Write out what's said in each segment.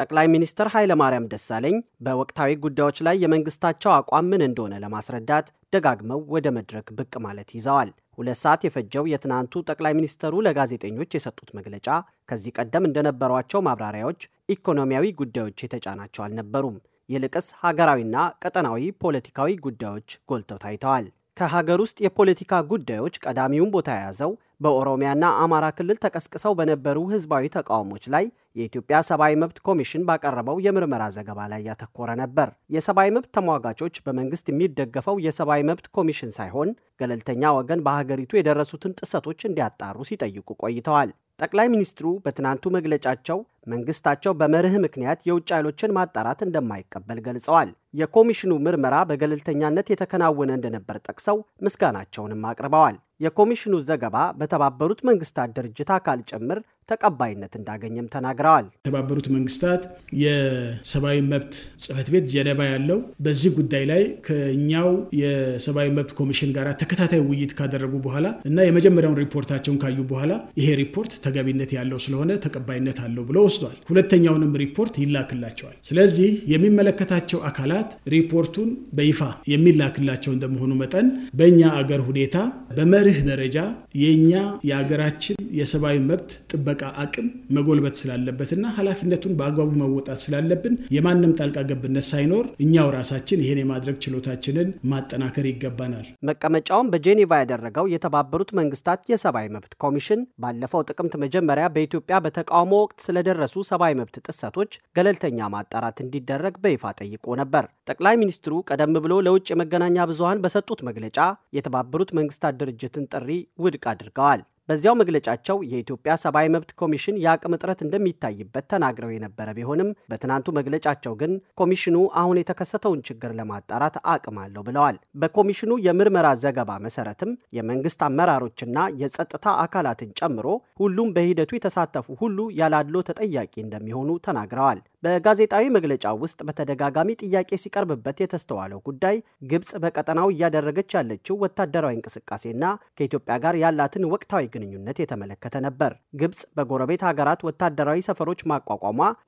ጠቅላይ ሚኒስትር ኃይለማርያም ደሳለኝ በወቅታዊ ጉዳዮች ላይ የመንግስታቸው አቋም ምን እንደሆነ ለማስረዳት ደጋግመው ወደ መድረክ ብቅ ማለት ይዘዋል። ሁለት ሰዓት የፈጀው የትናንቱ ጠቅላይ ሚኒስትሩ ለጋዜጠኞች የሰጡት መግለጫ ከዚህ ቀደም እንደነበሯቸው ማብራሪያዎች ኢኮኖሚያዊ ጉዳዮች የተጫናቸው አልነበሩም። ይልቅስ ሀገራዊና ቀጠናዊ ፖለቲካዊ ጉዳዮች ጎልተው ታይተዋል። ከሀገር ውስጥ የፖለቲካ ጉዳዮች ቀዳሚውን ቦታ የያዘው በኦሮሚያና አማራ ክልል ተቀስቅሰው በነበሩ ህዝባዊ ተቃውሞች ላይ የኢትዮጵያ ሰብአዊ መብት ኮሚሽን ባቀረበው የምርመራ ዘገባ ላይ ያተኮረ ነበር። የሰብአዊ መብት ተሟጋቾች በመንግስት የሚደገፈው የሰብአዊ መብት ኮሚሽን ሳይሆን ገለልተኛ ወገን በሀገሪቱ የደረሱትን ጥሰቶች እንዲያጣሩ ሲጠይቁ ቆይተዋል። ጠቅላይ ሚኒስትሩ በትናንቱ መግለጫቸው መንግስታቸው በመርህ ምክንያት የውጭ ኃይሎችን ማጣራት እንደማይቀበል ገልጸዋል። የኮሚሽኑ ምርመራ በገለልተኛነት የተከናወነ እንደነበር ጠቅሰው ምስጋናቸውንም አቅርበዋል። የኮሚሽኑ ዘገባ በተባበሩት መንግስታት ድርጅት አካል ጭምር ተቀባይነት እንዳገኘም ተናግረዋል። የተባበሩት መንግስታት የሰብአዊ መብት ጽህፈት ቤት ጀኔቫ ያለው በዚህ ጉዳይ ላይ ከኛው የሰብአዊ መብት ኮሚሽን ጋር ተከታታይ ውይይት ካደረጉ በኋላ እና የመጀመሪያውን ሪፖርታቸውን ካዩ በኋላ ይሄ ሪፖርት ተገቢነት ያለው ስለሆነ ተቀባይነት አለው ብሎ ወስዷል። ሁለተኛውንም ሪፖርት ይላክላቸዋል። ስለዚህ የሚመለከታቸው አካላት ሪፖርቱን በይፋ የሚላክላቸው እንደመሆኑ መጠን በእኛ አገር ሁኔታ በመርህ ደረጃ የእኛ የአገራችን የሰብአዊ መብት ጥበቃ የጥበቃ አቅም መጎልበት ስላለበትና ኃላፊነቱን በአግባቡ መወጣት ስላለብን የማንም ጣልቃ ገብነት ሳይኖር እኛው ራሳችን ይሄን የማድረግ ችሎታችንን ማጠናከር ይገባናል። መቀመጫውን በጄኔቫ ያደረገው የተባበሩት መንግስታት የሰብአዊ መብት ኮሚሽን ባለፈው ጥቅምት መጀመሪያ በኢትዮጵያ በተቃውሞ ወቅት ስለደረሱ ሰብአዊ መብት ጥሰቶች ገለልተኛ ማጣራት እንዲደረግ በይፋ ጠይቆ ነበር። ጠቅላይ ሚኒስትሩ ቀደም ብሎ ለውጭ የመገናኛ ብዙሃን በሰጡት መግለጫ የተባበሩት መንግስታት ድርጅትን ጥሪ ውድቅ አድርገዋል። በዚያው መግለጫቸው የኢትዮጵያ ሰብአዊ መብት ኮሚሽን የአቅም እጥረት እንደሚታይበት ተናግረው የነበረ ቢሆንም በትናንቱ መግለጫቸው ግን ኮሚሽኑ አሁን የተከሰተውን ችግር ለማጣራት አቅም አለው ብለዋል። በኮሚሽኑ የምርመራ ዘገባ መሰረትም የመንግስት አመራሮችና የጸጥታ አካላትን ጨምሮ ሁሉም በሂደቱ የተሳተፉ ሁሉ ያላድሎ ተጠያቂ እንደሚሆኑ ተናግረዋል። በጋዜጣዊ መግለጫ ውስጥ በተደጋጋሚ ጥያቄ ሲቀርብበት የተስተዋለው ጉዳይ ግብፅ በቀጠናው እያደረገች ያለችው ወታደራዊ እንቅስቃሴና ከኢትዮጵያ ጋር ያላትን ወቅታዊ ግንኙነት የተመለከተ ነበር። ግብፅ በጎረቤት ሀገራት ወታደራዊ ሰፈሮች ማቋቋሟ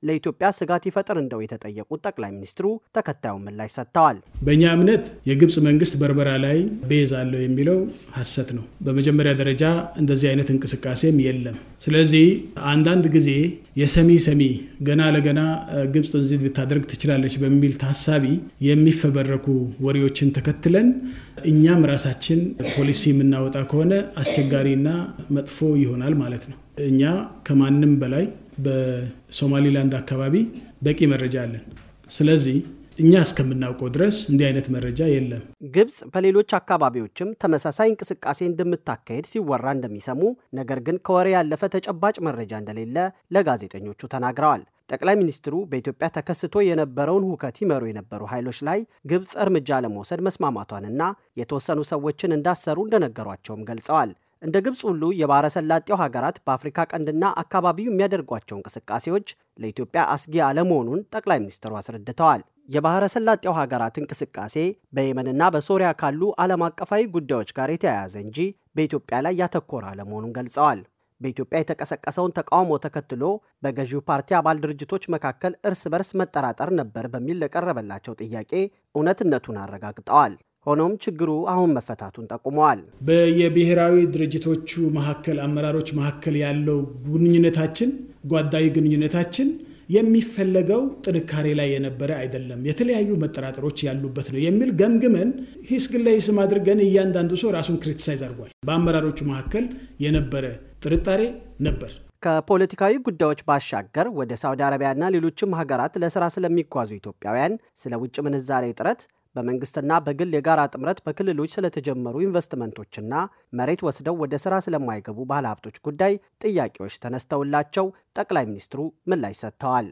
ለኢትዮጵያ ስጋት ይፈጥር እንደው የተጠየቁት ጠቅላይ ሚኒስትሩ ተከታዩን ምላሽ ሰጥተዋል። በእኛ እምነት የግብፅ መንግስት በርበራ ላይ ቤዝ አለው የሚለው ሀሰት ነው። በመጀመሪያ ደረጃ እንደዚህ አይነት እንቅስቃሴም የለም። ስለዚህ አንዳንድ ጊዜ የሰሚ ሰሚ ገና ለገና ግብፅ እዚህ ልታደርግ ትችላለች በሚል ታሳቢ የሚፈበረኩ ወሬዎችን ተከትለን እኛም ራሳችን ፖሊሲ የምናወጣ ከሆነ አስቸጋሪና መጥፎ ይሆናል ማለት ነው። እኛ ከማንም በላይ በሶማሊላንድ አካባቢ በቂ መረጃ አለን። ስለዚህ እኛ እስከምናውቀው ድረስ እንዲህ አይነት መረጃ የለም። ግብፅ በሌሎች አካባቢዎችም ተመሳሳይ እንቅስቃሴ እንደምታካሄድ ሲወራ እንደሚሰሙ ነገር ግን ከወሬ ያለፈ ተጨባጭ መረጃ እንደሌለ ለጋዜጠኞቹ ተናግረዋል። ጠቅላይ ሚኒስትሩ በኢትዮጵያ ተከስቶ የነበረውን ሁከት ይመሩ የነበሩ ኃይሎች ላይ ግብፅ እርምጃ ለመውሰድ መስማማቷንና የተወሰኑ ሰዎችን እንዳሰሩ እንደነገሯቸውም ገልጸዋል። እንደ ግብፅ ሁሉ የባሕረ ሰላጤው ሀገራት በአፍሪካ ቀንድና አካባቢው የሚያደርጓቸው እንቅስቃሴዎች ለኢትዮጵያ አስጊ አለመሆኑን ጠቅላይ ሚኒስትሩ አስረድተዋል። የባሕረ ሰላጤው ሀገራት እንቅስቃሴ በየመንና በሶሪያ ካሉ ዓለም አቀፋዊ ጉዳዮች ጋር የተያያዘ እንጂ በኢትዮጵያ ላይ ያተኮረ አለመሆኑን ገልጸዋል። በኢትዮጵያ የተቀሰቀሰውን ተቃውሞ ተከትሎ በገዢው ፓርቲ አባል ድርጅቶች መካከል እርስ በርስ መጠራጠር ነበር በሚል ለቀረበላቸው ጥያቄ እውነትነቱን አረጋግጠዋል። ሆኖም ችግሩ አሁን መፈታቱን ጠቁመዋል። በየብሔራዊ ድርጅቶቹ መካከል አመራሮች መካከል ያለው ግንኙነታችን ጓዳዊ ግንኙነታችን የሚፈለገው ጥንካሬ ላይ የነበረ አይደለም፣ የተለያዩ መጠራጠሮች ያሉበት ነው የሚል ገምግመን ሂስ ስም አድርገን እያንዳንዱ ሰው ራሱን ክሪቲሳይዝ አድርጓል። በአመራሮቹ መካከል የነበረ ጥርጣሬ ነበር። ከፖለቲካዊ ጉዳዮች ባሻገር ወደ ሳውዲ አረቢያና ሌሎችም ሀገራት ለስራ ስለሚጓዙ ኢትዮጵያውያን ስለ ውጭ ምንዛሬ እጥረት በመንግስትና በግል የጋራ ጥምረት በክልሎች ስለተጀመሩ ኢንቨስትመንቶችና መሬት ወስደው ወደ ስራ ስለማይገቡ ባለሀብቶች ጉዳይ ጥያቄዎች ተነስተውላቸው ጠቅላይ ሚኒስትሩ ምላሽ ሰጥተዋል።